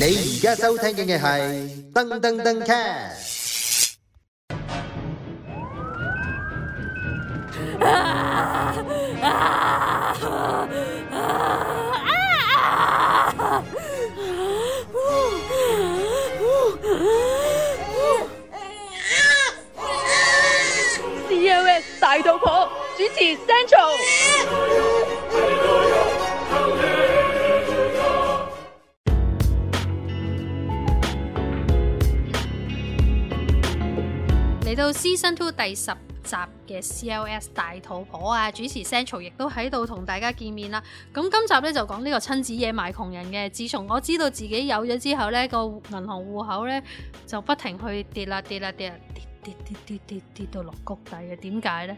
你而家收聽嘅係登登登 cat。COS 大肚婆主持 Central。到 Season Two 第十集嘅 CLS 大肚婆啊，主持 Sam 亦都喺度同大家見面啦。咁今集呢，就講呢個親子嘢賣窮人嘅。自從我知道自己有咗之後呢，個銀行戶口呢，就不停去跌啦，跌啦，跌啊，跌跌跌跌跌，跌到落谷底嘅。點解呢？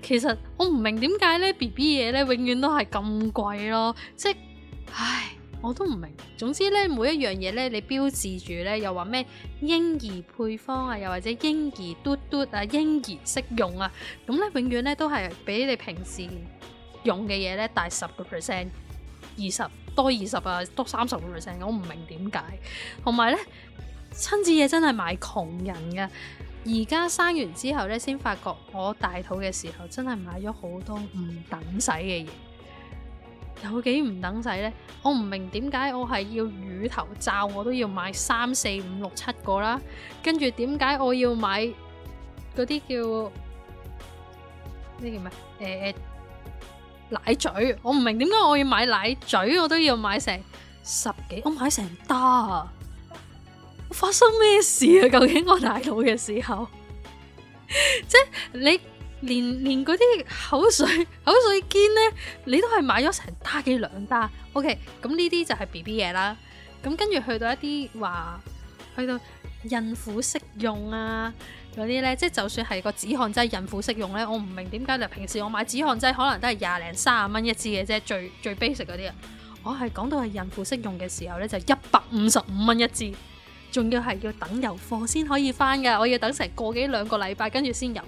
其實我唔明點解呢 BB 嘢呢，永遠都係咁貴咯，即係唉。我都唔明。總之咧，每一樣嘢咧，你標誌住咧，又話咩嬰兒配方啊，又或者嬰兒嘟嘟啊，嬰兒適用啊，咁咧永遠咧都係比你平時用嘅嘢咧大十個 percent，二十多二十啊，多三十個 percent。我唔明點解。同埋咧，親子嘢真係買窮人㗎。而家生完之後咧，先發覺我大肚嘅時候真係買咗好多唔等使嘅嘢。有幾唔等使咧？我唔明點解我係要乳頭罩，我都要買三四五六七個啦。跟住點解我要買嗰啲叫咩叫咩？誒誒奶嘴。我唔明點解我要買奶嘴，我都要買成十幾，我買成打。發生咩事啊？究竟我大肚嘅時候，即係你。連連嗰啲口水口水肩呢，你都係買咗成打幾兩打。OK，咁呢啲就係 B B 嘢啦。咁跟住去到一啲話，去到孕婦適用啊嗰啲呢，即係就算係個止汗劑孕婦適用呢，我唔明點解。平時我買止汗劑可能都係廿零三十蚊一支嘅啫，最最 basic 嗰啲啊。我係講到係孕婦適用嘅時候呢，就一百五十五蚊一支，仲要係要等有貨先可以返㗎，我要等成個幾兩個禮拜跟住先有。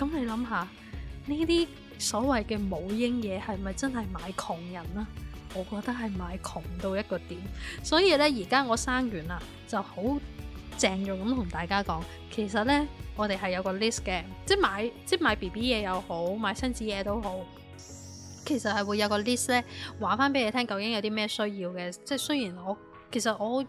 咁你諗下呢啲所謂嘅母嬰嘢係咪真係買窮人啦？我覺得係買窮到一個點，所以呢，而家我生完啦，就好鄭重咁同大家講，其實呢，我哋係有個 list 嘅，即係買，即係買 BB 嘢又好，買親子嘢都好，其實係會有個 list 呢，話翻俾你聽究竟有啲咩需要嘅，即係雖然我其實我。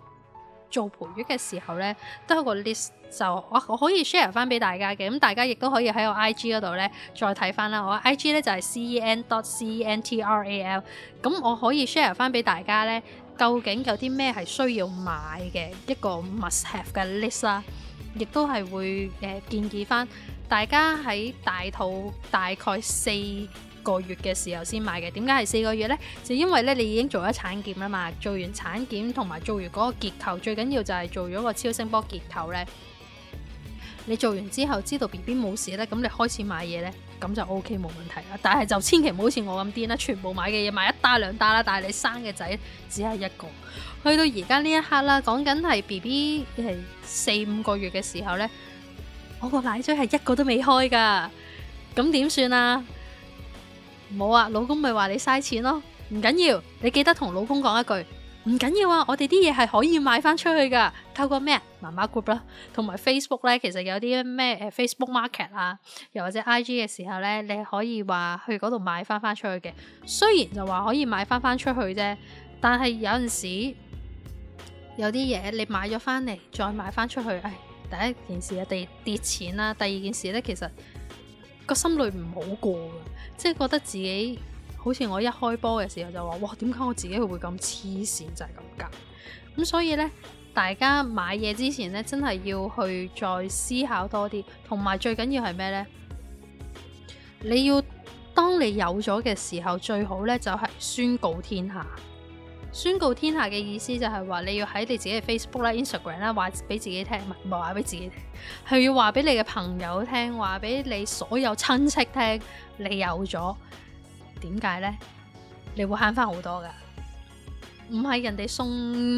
做培育嘅時候呢，都有個 list，就我我可以 share 翻俾大家嘅，咁大家亦都可以喺我 IG 度呢再睇翻啦。我 IG 呢就係 cen.central，咁我可以 share 翻俾大家呢，究竟有啲咩係需要買嘅一個 must have 嘅 list 啦，亦都係會誒建議翻大家喺大肚大概四個月嘅時候先買嘅，點解係四個月呢？就因為咧，你已經做咗產檢啦嘛，做完產檢同埋做完嗰個結構，最緊要就係做咗個超聲波結構呢。你做完之後知道 B B 冇事咧，咁你開始買嘢呢，咁就 O K 冇問題啦。但係就千祈唔好似我咁癲啦，全部買嘅嘢買一打兩打啦。但係你生嘅仔只係一個，去到而家呢一刻啦，講緊係 B B 係四五個月嘅時候呢，我個奶嘴係一個都未開噶，咁點算啊？冇啊，老公咪話你嘥錢咯，唔緊要，你記得同老公講一句唔緊要啊，我哋啲嘢係可以賣翻出去噶，透過咩？媽媽 group 啦，同埋 Facebook 咧，其實有啲咩誒 Facebook market 啊，又或者 IG 嘅時候咧，你可以話去嗰度買翻翻出去嘅，雖然就話可以買翻翻出去啫，但係有陣時有啲嘢你買咗翻嚟再賣翻出去，唉、哎，第一件事啊，哋跌錢啦、啊，第二件事咧，其實。個心裏唔好過，即係覺得自己好似我一開波嘅時候就話，哇！點解我自己會咁黐線就係咁噶？咁所以呢，大家買嘢之前呢，真係要去再思考多啲，同埋最緊要係咩呢？你要當你有咗嘅時候，最好呢就係宣告天下。宣告天下嘅意思就係話你要喺你自己嘅 Facebook 啦、Instagram 啦，話俾自己聽，唔係話俾自己聽，係 要話俾你嘅朋友聽，話俾你所有親戚聽，你有咗點解呢？你會慳翻好多噶，唔係人哋送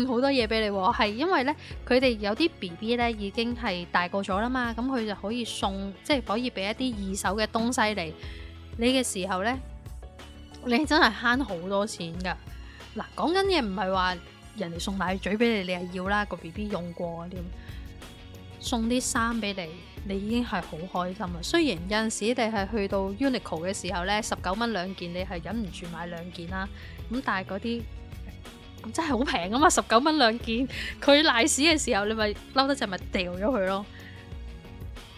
好多嘢俾你，係因為呢，佢哋有啲 B B 咧已經係大個咗啦嘛，咁佢就可以送即係、就是、可以俾一啲二手嘅東西你，你嘅時候呢，你真係慳好多錢噶。嗱，講緊嘢唔係話人哋送奶嘴俾你，你係要啦。個 B B 用過啲，送啲衫俾你，你已經係好開心啦。雖然有陣時你係去到 Uniqlo 嘅時候呢，十九蚊兩件，你係忍唔住買兩件啦。咁但係嗰啲真係好平啊嘛，十九蚊兩件。佢賴屎嘅時候，你咪嬲得滯，咪掉咗佢咯。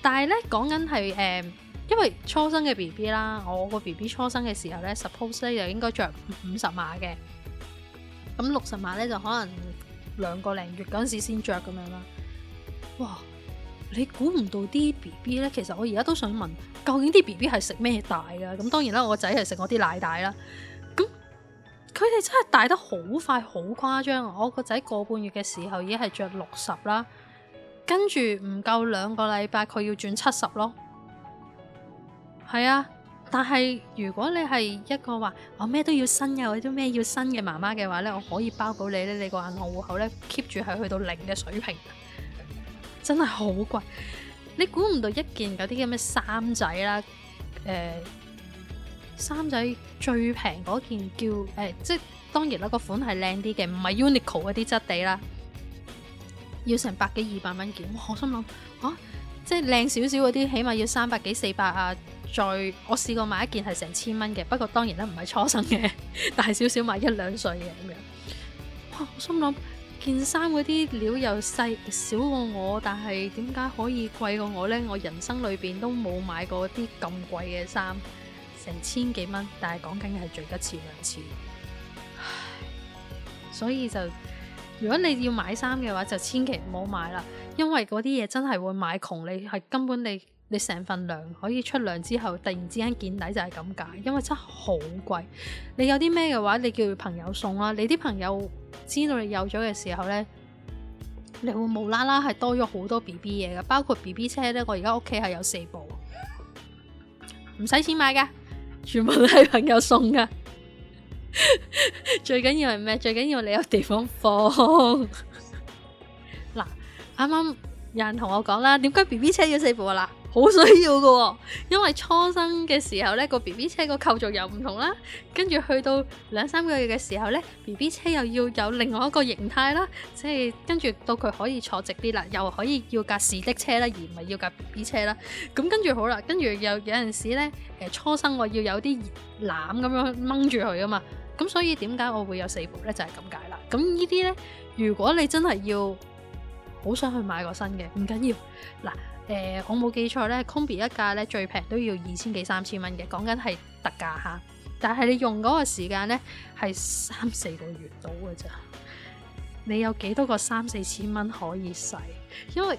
但係呢，講緊係誒，因為初生嘅 B B 啦，我個 B B 初生嘅時候呢 s u p p o s e 咧就應該着五十碼嘅。咁六十碼咧就可能兩個零月嗰陣時先着咁樣啦。哇！你估唔到啲 B B 呢？其實我而家都想問，究竟啲 B B 係食咩大噶？咁當然啦，我個仔係食我啲奶大啦。咁佢哋真係大得好快，好誇張。我個仔個半月嘅時候已經係着六十啦，跟住唔夠兩個禮拜佢要轉七十咯。係啊。但係如果你係一個話我咩都要新嘅或者咩要新嘅媽媽嘅話呢，我可以包保你呢，你個銀行戶口呢，keep 住係去到零嘅水平，真係好貴。你估唔到一件嗰啲咁嘅衫仔啦，誒、呃、衫仔最平嗰件叫誒、呃，即係當然啦，個款係靚啲嘅，唔係 Uniqlo 嗰啲質地啦，要成百幾二百蚊件。我心諗嚇，即係靚少少嗰啲，起碼要三百幾四百啊！再，我試過買一件係成千蚊嘅。不過當然啦，唔係初生嘅， 大少少買一兩歲嘅咁樣。哇，我心諗，件衫嗰啲料又細少過我，但係點解可以貴過我呢？我人生裏邊都冇買過啲咁貴嘅衫，成千幾蚊，但係講緊係最多一次兩次。所以就如果你要買衫嘅話，就千祈唔好買啦，因為嗰啲嘢真係會買窮你，係根本你。你成份糧可以出糧之後，突然之間見底就係咁解，因為真係好貴。你有啲咩嘅話，你叫朋友送啦。你啲朋友知道你有咗嘅時候呢，你會無啦啦係多咗好多 B B 嘢嘅，包括 B B 車呢。我而家屋企係有四部，唔使錢買㗎，全部都係朋友送㗎。 最緊要係咩？最緊要你有地方放。嗱， 啱啱。有人同我講啦，點解 B B 車要四部啊？嗱，好需要噶，因為初生嘅時候呢個 B B 車個構造又唔同啦，跟住去到兩三個月嘅時候呢 B B 車又要有另外一個形態啦，即係跟住到佢可以坐直啲啦，又可以要架士的車啦，而唔係要架 B B 車啦。咁跟住好啦，跟住又有陣時呢，誒初生我要有啲攬咁樣掹住佢啊嘛，咁所以點解我會有四部呢？就係咁解啦。咁呢啲呢，如果你真係要。好想去買個新嘅，唔緊要。嗱，誒、呃，我冇記錯咧 Combi 一架咧最平都要二千幾三千蚊嘅，講緊係特價吓。但係你用嗰個時間咧係三四個月到嘅咋，你有幾多個三四千蚊可以使？因為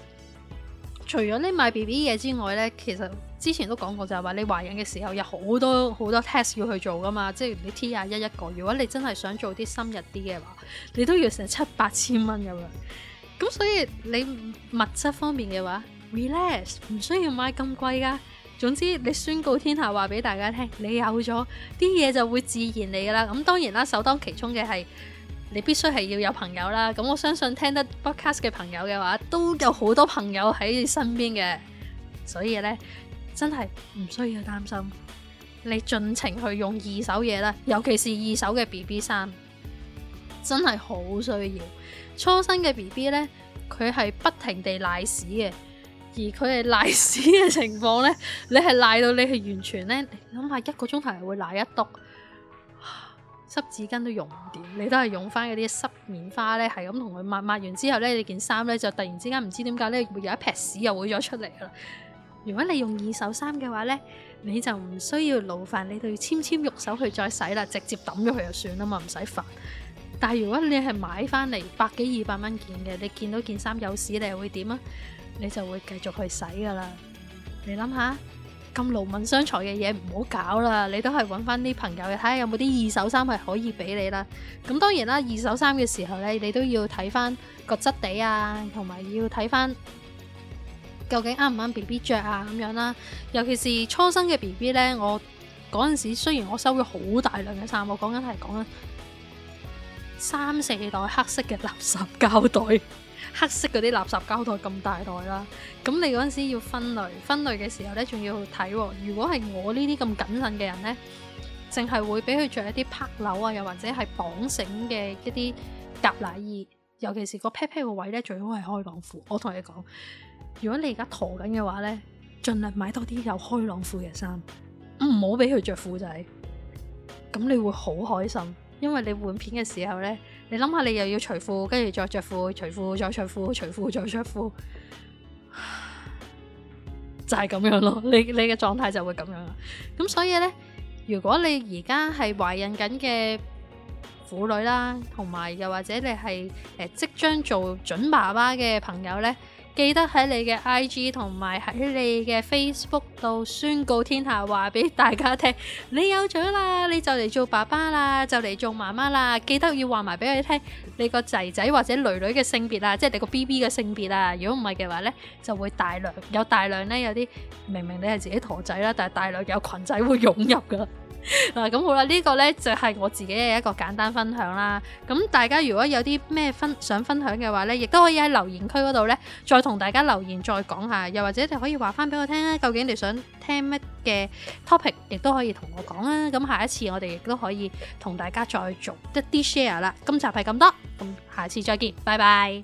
除咗你買 BB 嘢之外咧，其實之前都講過就係話你懷孕嘅時候有好多好多 test 要去做噶嘛。即係你 T21 一個，如果你真係想做啲深入啲嘅話，你都要成七八千蚊咁樣。咁所以你物質方面嘅話，Relax 唔需要買咁貴噶。總之你宣告天下話俾大家聽，你有咗啲嘢，就會自然嚟噶啦。咁當然啦，首當其衝嘅係你必須係要有朋友啦。咁我相信聽得 podcast 嘅朋友嘅話，都有好多朋友喺身邊嘅。所以呢，真係唔需要擔心。你盡情去用二手嘢啦，尤其是二手嘅 BB 衫，真係好需要。初生嘅 B B 咧，佢係不停地瀨屎嘅，而佢係瀨屎嘅情況咧，你係瀨到你係完全咧，諗下一個鐘頭係會瀨一督。濕紙巾都用唔掂，你都係用翻嗰啲濕棉花咧，係咁同佢抹，抹完之後咧，你件衫咧就突然之間唔知點解咧，會有一撇屎又會咗出嚟噶啦。如果你用二手衫嘅話咧，你就唔需要勞煩，你就要纖纖玉手去再洗啦，直接抌咗佢就算啦嘛，唔使煩。但係如果你係買翻嚟百幾二百蚊件嘅，你見到件衫有屎，你又會點啊？你就會繼續去洗噶啦。你諗下，咁勞民傷財嘅嘢唔好搞啦。你都係揾翻啲朋友，睇下有冇啲二手衫係可以俾你啦。咁當然啦，二手衫嘅時候呢，你都要睇翻個質地啊，同埋要睇翻究竟啱唔啱 BB 着啊咁樣啦。尤其是初生嘅 BB 呢。我嗰陣時雖然我收咗好大量嘅衫，我講緊係講緊。三四袋黑色嘅垃圾膠袋， 黑色嗰啲垃圾膠袋咁大袋啦、啊。咁你嗰陣時要分類，分類嘅時候呢，仲要睇、啊。如果係我呢啲咁謹慎嘅人呢，淨係會俾佢着一啲啪鈕啊，又或者係綁繩嘅一啲夾奶衣。尤其是個 pat pat 個位呢，最好係開朗褲。我同你講，如果你而家駝緊嘅話呢，盡量買多啲有開朗褲嘅衫，唔好俾佢着褲仔。咁你會好開心。因為你換片嘅時候呢，你諗下你又要除褲，跟住再着褲，除褲再着褲，除褲再着褲，就係咁樣咯。你你嘅狀態就會咁樣啦。咁所以呢，如果你而家係懷孕緊嘅婦女啦，同埋又或者你係誒即將做準爸爸嘅朋友呢。記得喺你嘅 IG 同埋喺你嘅 Facebook 度宣告天下，話俾大家聽，你有咗啦，你就嚟做爸爸啦，就嚟做媽媽啦。記得要話埋俾佢聽，你個仔仔或者女女嘅性別啊，即係你個 BB 嘅性別啊。如果唔係嘅話呢，就會大量有大量呢，有啲明明你係自己陀仔啦，但係大量有群仔會湧入噶。嗱，咁好啦，呢個咧，就係我自己嘅一個簡單分享啦。咁大家如果有啲咩分想分享嘅話咧，亦都可以喺留言區嗰度咧，再同大家留言再講下。又或者你可以話翻俾我聽啊，究竟你想聽咩嘅 topic，亦都可以同我講啊。咁下一次我哋亦都可以同大家再做一啲 share 啦。今集係咁多，咁下次再見，拜拜。